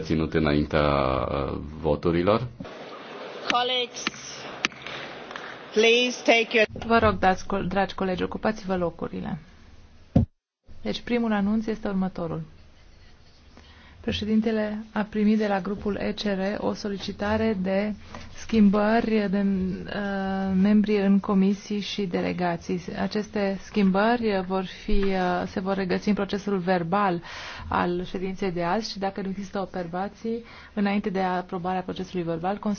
ținut înaintea uh, voturilor. Colegi, please take your... Vă rog, dați, dragi colegi, ocupați-vă locurile. Deci primul anunț este următorul. Președintele a primit de la grupul ECR o solicitare de schimbări de uh, membri în comisii și delegații. Aceste schimbări vor fi, uh, se vor regăsi în procesul verbal al ședinței de azi și dacă nu există observații, înainte de aprobarea procesului verbal,